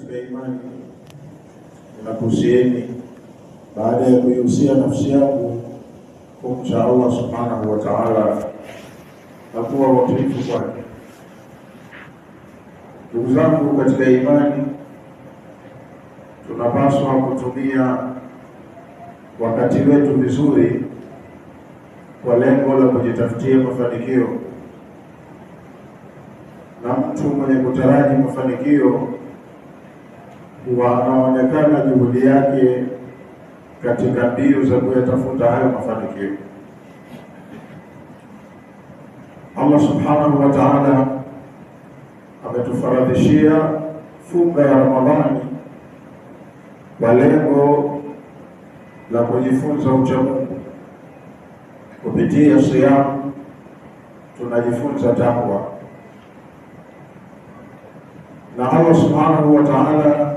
katika imani, ninakusieni baada ya kuihusia nafsi yangu kumcha Allah subhanahu wa ta'ala na kuwa watiifu kwake. Ndugu zangu katika imani, tunapaswa kutumia wakati wetu vizuri kwa lengo la kujitafutia mafanikio, na mtu mwenye kutaraji mafanikio wanaonekana juhudi yake katika mbio za kuyatafuta hayo mafanikio. Allah subhanahu wa ta'ala ametufaradhishia funga ya Ramadhani kwa lengo la kujifunza uchamungu. Kupitia siamu tunajifunza takwa, na Allah subhanahu wa ta'ala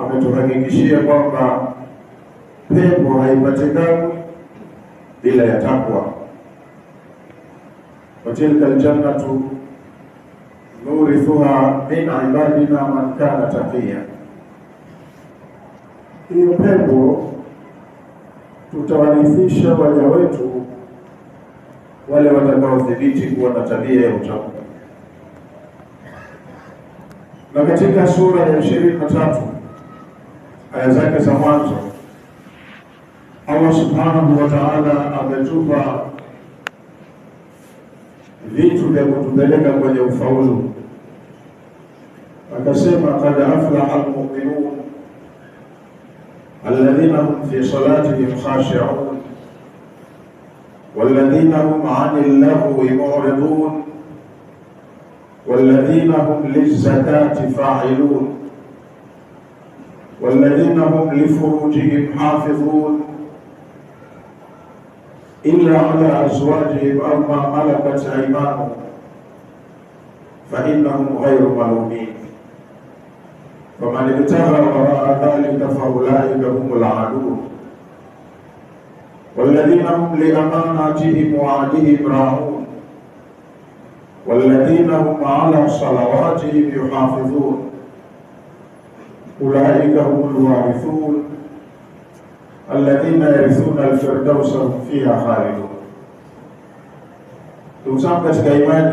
ametuhakikishia kwamba pepo haipatikani bila ya takwa. Watilka ljannatu nurithuha min ibadina man kana taqiya, hiyo pepo tutawarithisha waja wetu wale watakaodhibiti kuwa na tabia ya utakwa. Na katika sura ya ishirini na tatu aya zake za mwanzo Allah subhanahu wa ta'ala ametupa vitu vya kutupeleka kwenye ufaulu, akasema kad aflaha almuminun alladhina hum fi salatihim khashi'un والذين هم عن اللغو معرضون والذين هم للزكاة فاعلون والذين هم لفروجهم حافظون إلا على أزواجهم أو ما ملكت أيمانهم فإنهم غير ملومين فمن ابتغى وراء ذلك فأولئك هم العادون والذين هم لأماناتهم وعهدهم راعون والذين هم على صلواتهم يحافظون أولئك هم الوارثون alladhina yarithuna الفردوس هم فيها خالدون Ndugu zangu katika imani,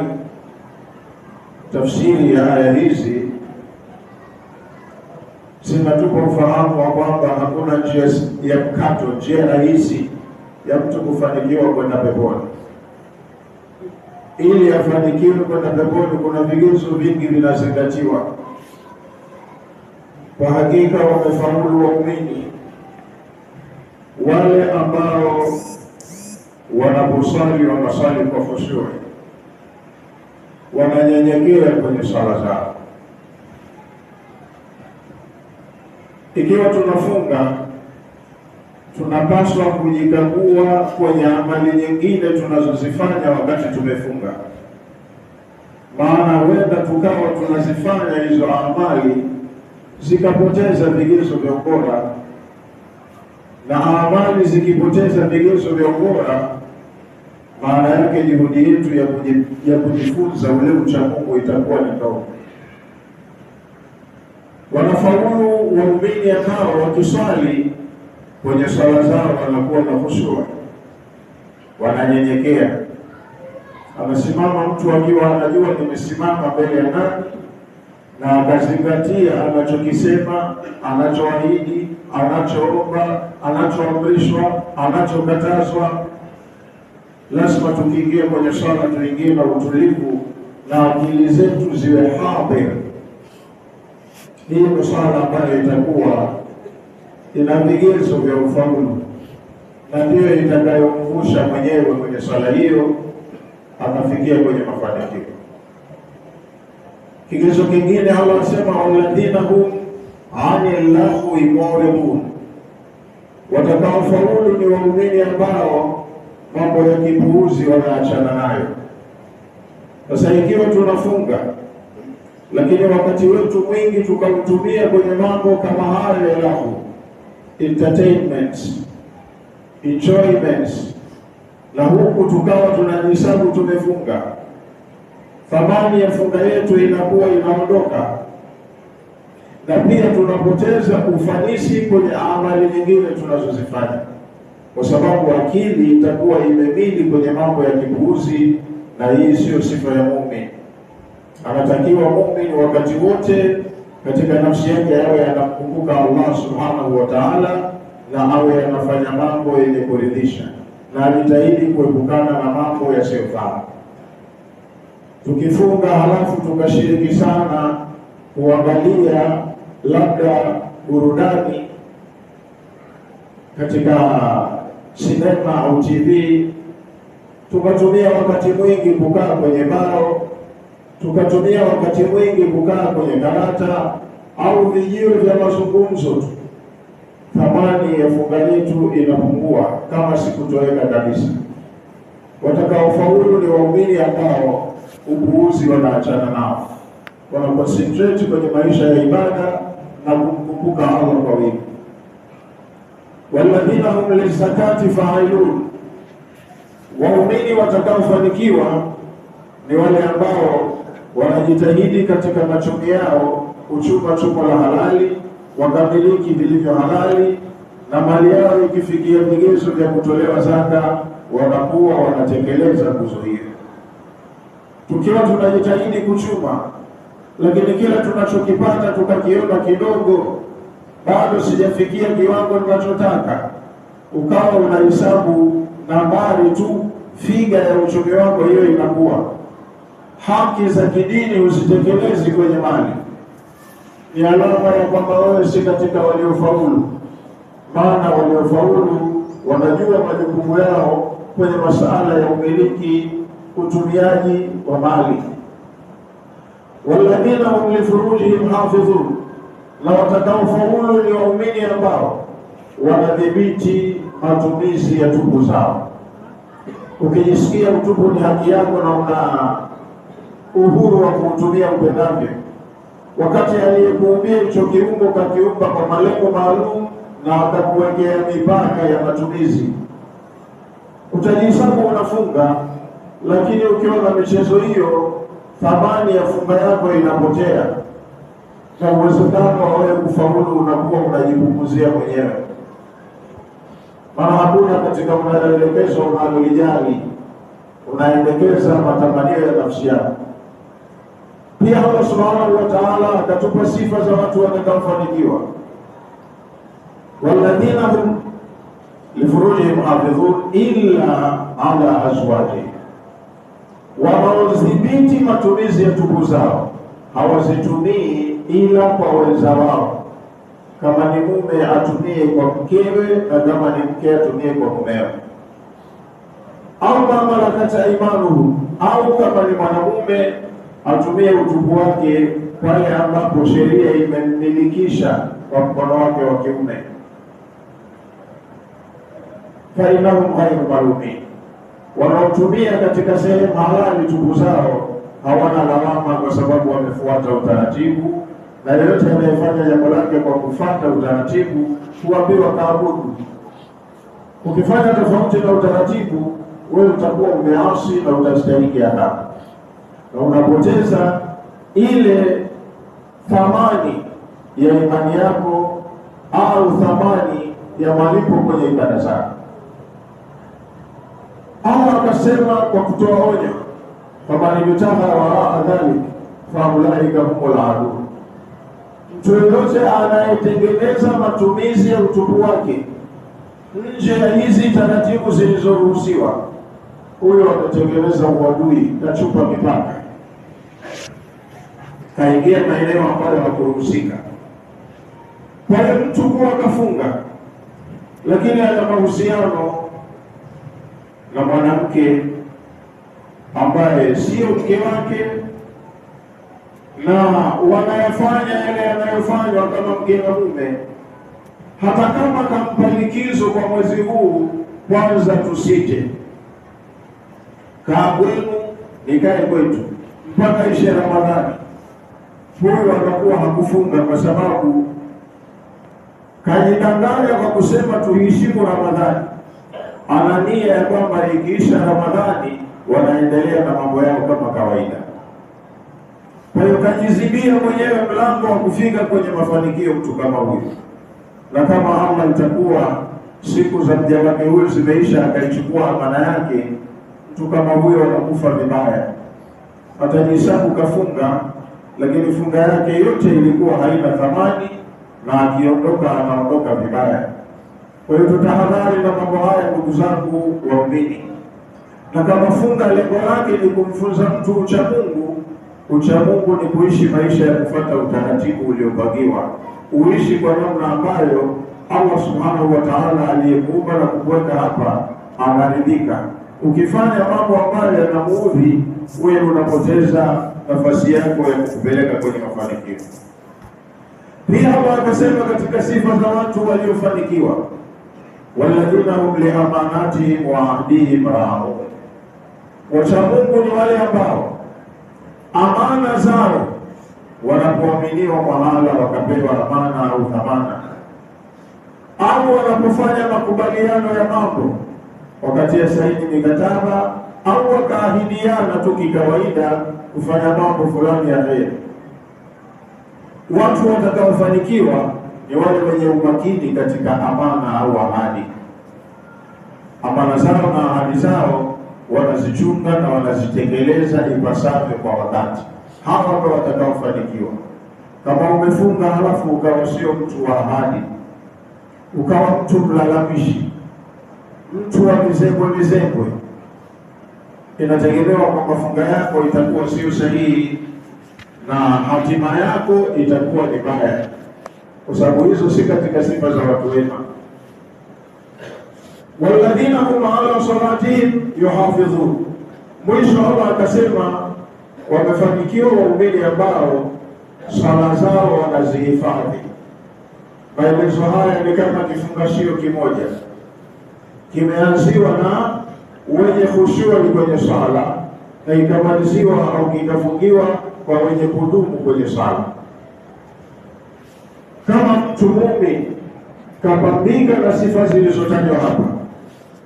tafsiri ya aya hizi zinatupa ufahamu wa kwamba hakuna njia ya mkato, njia rahisi ya mtu kufanikiwa kwenda peponi. Ili afanikiwe kwenda peponi, kuna vigezo vingi vinazingatiwa. Kwa hakika wamefaulu waumini wale ambao wanaposali wanasali kwa khushui, wananyenyekea kwenye sala zao. Ikiwa tunafunga tunapaswa kujikagua kwenye amali nyingine tunazozifanya wakati tumefunga, maana huenda tukawa tunazifanya hizo amali zikapoteza vigezo vya ubora, na amali zikipoteza vigezo vya ubora, maana yake juhudi yetu ya kujifunza ule ucha Mungu itakuwa ni ndogo. Wanafaulu waumini akawa wakiswali kwenye swala zao wanakuwa na hushua, wananyenyekea. Amesimama mtu akiwa anajua nimesimama mbele ya nani na akazingatia anachokisema, anachoahidi, anachoomba, anachoamrishwa, anachokatazwa. Lazima tukiingia kwenye swala tuingie na utulivu na akili zetu ziwe habe. Hii ni swala ambayo itakuwa ina vigezo vya ufaulu na ndiyo itakayomvusha mwenyewe kwenye swala hiyo akafikia kwenye mafanikio. Kigezo kingine Allah anasema alladhina hum ani lahu mu'ridun, watakaofaulu ni waumini ambao mambo ya kipuuzi wanaachana nayo. Sasa ikiwa tunafunga lakini wakati wetu mwingi tukautumia kwenye mambo kama hayo ya lahu entertainment, enjoyment, na huku tukawa tunajisabu tumefunga thamani ya fedha yetu inakuwa inaondoka, na pia tunapoteza ufanisi kwenye amali nyingine tunazozifanya, kwa sababu akili itakuwa imemili kwenye mambo ya kipuuzi, na hii siyo sifa ya muumini. Anatakiwa muumini wakati wote katika nafsi yake awe anamkumbuka Allah subhanahu wa ta'ala, na awe anafanya mambo yenye kuridhisha, na ajitahidi kuepukana na mambo yasiyofaa tukifunga halafu tukashiriki sana kuangalia labda burudani katika sinema au TV, tukatumia wakati mwingi kukaa kwenye bao, tukatumia wakati mwingi kukaa kwenye karata au vijio vya mazungumzo tu, thamani ya funga yetu inapungua kama sikutoweka kabisa. Watakaofaulu ni waumini ambao upuuzi wanaachana nao, wanakonsentrate kwenye maisha ya ibada na kumkumbuka Allah kwa wingi. Walladhina hum lizakati failun, waumini watakaofanikiwa ni wale ambao wanajitahidi katika machumi yao kuchuma chumo la halali, wakamiliki vilivyo halali, na mali yao ikifikia vigezo vya kutolewa zaka, wanakuwa wanatekeleza nguzo hiyo tukiwa tunajitahidi kuchuma, lakini kila tunachokipata tukakiona kidogo, bado sijafikia kiwango ninachotaka, ukawa unahesabu nambari tu, figa ya uchumi wako hiyo inakuwa. Haki za kidini usitekelezi kwenye mali, ni alama ya kwamba wewe si katika waliofaulu, maana waliofaulu wanajua majukumu yao kwenye masala ya umiliki utumiaji wa mali. Walladhina hum li furujihim hafidhun, na watakaofaulu ni waumini ambao wanadhibiti matumizi ya tupu zao. Ukijisikia utupu ni haki yako na una uhuru wa kuutumia upendavyo, wakati aliyekuumbia hicho kiumbo kakiumba kwa malengo maalum na wakakuwekea mipaka ya matumizi. Utajihesabu unafunga lakini ukiwa na michezo hiyo, thamani ya funga yako inapotea na uwezekano wa wewe kufaulu unakuwa unajipunguzia mwenyewe, maana hakuna katika maelekezo unalolijali, unaendekeza matamanio ya nafsi yako. Pia Allah subhanahu wa ta'ala akatupa sifa za watu watakaofanikiwa, walladhina hum lifurujihim hafidhun illa ala azwajihim wanaodhibiti matumizi ya tubu zao hawazitumii ila kwa wenza wao. Kama ni mume atumie kwa mkewe, na kama ni mke atumie kwa mumewe, au kama lakata imanuhu, au kama ni mwanamume atumie utubu wake pale ambapo sheria imemmilikisha kwa mkono wake wa kiume, fainahum ghairu malumin wanaotumia katika sehemu halali chungu zao hawana lawama, kwa sababu wamefuata utaratibu, na yeyote anayefanya jambo lake kwa kufuata utaratibu huambiwa kaabudu. Ukifanya tofauti na utaratibu, wewe utakuwa umeasi na utastahili adhabu, na unapoteza ile thamani ya imani yako au thamani ya malipo kwenye ibada zako. Allah akasema kwa kutoa onyo faman wa waraa dhalik faulaika humul aduu, mtu yoyote anayetengeneza matumizi ya utupu wake nje ya hizi taratibu zilizoruhusiwa, huyo atatengeneza uadui na chupa mipaka, kaingia maeneo ambayo hakuruhusika. Kwa hiyo mtu kuwa kafunga, lakini ana mahusiano na mwanamke ambaye sio mke wake na wanayafanya yale yanayofanywa kama mke na mume, hata kama kampa likizo kwa mwezi huu, kwanza tusije kaa kwenu nikae kwetu mpaka ishe Ramadhani. Huyu atakuwa hakufunga kwa sababu kajidanganya kwa kusema tuheshimu Ramadhani ana nia ya kwamba ikiisha Ramadhani wanaendelea na mambo yao kama kawaida. Kwa hiyo kajizibia mwenyewe mlango wa kufika kwenye mafanikio mtu kama huyu, na kama ama itakuwa siku za mja wake huyu zimeisha, akaichukua amana yake, mtu kama huyo anakufa vibaya. Atajisabu kafunga, lakini funga yake yote ilikuwa haina thamani, na akiondoka anaondoka vibaya. Kwa hiyo tutahadhari na mambo haya, ndugu zangu waumini, na kama funga lengo lake ni kumfunza mtu ucha Mungu, ucha Mungu ni kuishi maisha ya kufuata utaratibu uliopangiwa, uishi kwa namna ambayo Allah subhanahu wa ta'ala aliyekuumba na kukuweka hapa anaridhika. Ukifanya mambo ambayo yanamuudhi, wewe unapoteza nafasi yako ya kukupeleka kwenye mafanikio. Pia Allah akasema katika sifa za watu waliofanikiwa walladhina hum liamanatihim wa ahdihim raun, wachamungu ni wale ambao amana zao wanapoaminiwa kwa mahala wakapewa amana au dhamana, au wanapofanya makubaliano ya mambo wakati ya saini mikataba au wakaahidiana tu kikawaida kufanya mambo fulani ya heri. Watu watakaofanikiwa ni watu wenye umakini katika amana au ahadi. Amana zao na ahadi zao wanazichunga na wanazitekeleza ipasavyo kwa wakati. Hawa ndio watakaofanikiwa. Kama umefunga halafu ukawa sio mtu wa ahadi, ukawa mtu mlalamishi, mtu wa mizengwe mizengwe, inategemewa kwa mafunga yako itakuwa sio sahihi na hatima yako itakuwa ni mbaya kwa sababu hizo si katika sifa za watu wema. walladhina hum ala salatihim yuhafidhun, mwisho Allah akasema wamefanikiwa waumini ambao sala zao wanazihifadhi. Maelezo haya ni kama kifungashio kimoja, kimeanziwa na wenye khushua ni kwenye sala na ikamaliziwa au kitafungiwa kwa wenye kudumu kwenye sala. Chumumi kapambika na sifa zilizotajwa hapa.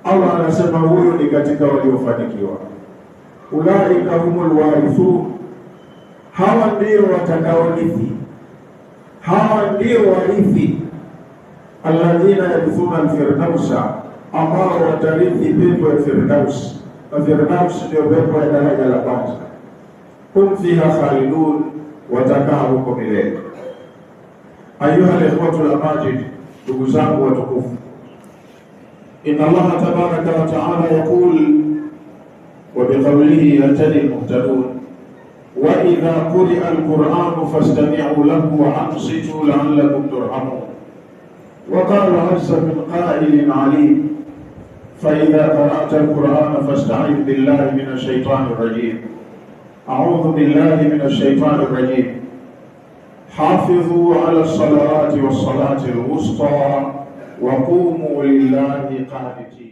Allah anasema huyo ni katika waliofanikiwa, ulaika humul warithun, hawa ndio watakaorithi, hawa ndio warithi, alladhina yarithuna alfirdausa, ambao watarithi pepo ya Firdaus. Firdaus ndio pepo ya daraja la kwanza, hum fiha khalidun, watakaa huko milele. أيها الإخوة الأماجد لقزام وتقوف إن الله تبارك وتعالى يقول وبقوله يلتني المهتدون وإذا قرئ القرآن فاستمعوا له وأنصتوا لعلكم ترحمون وقال عز من قائل عليم فإذا قرأت القرآن فاستعذ بالله من الشيطان الرجيم أعوذ بالله من الشيطان الرجيم حافظوا على الصلوات والصلاة الوسطى وقوموا لله قانتين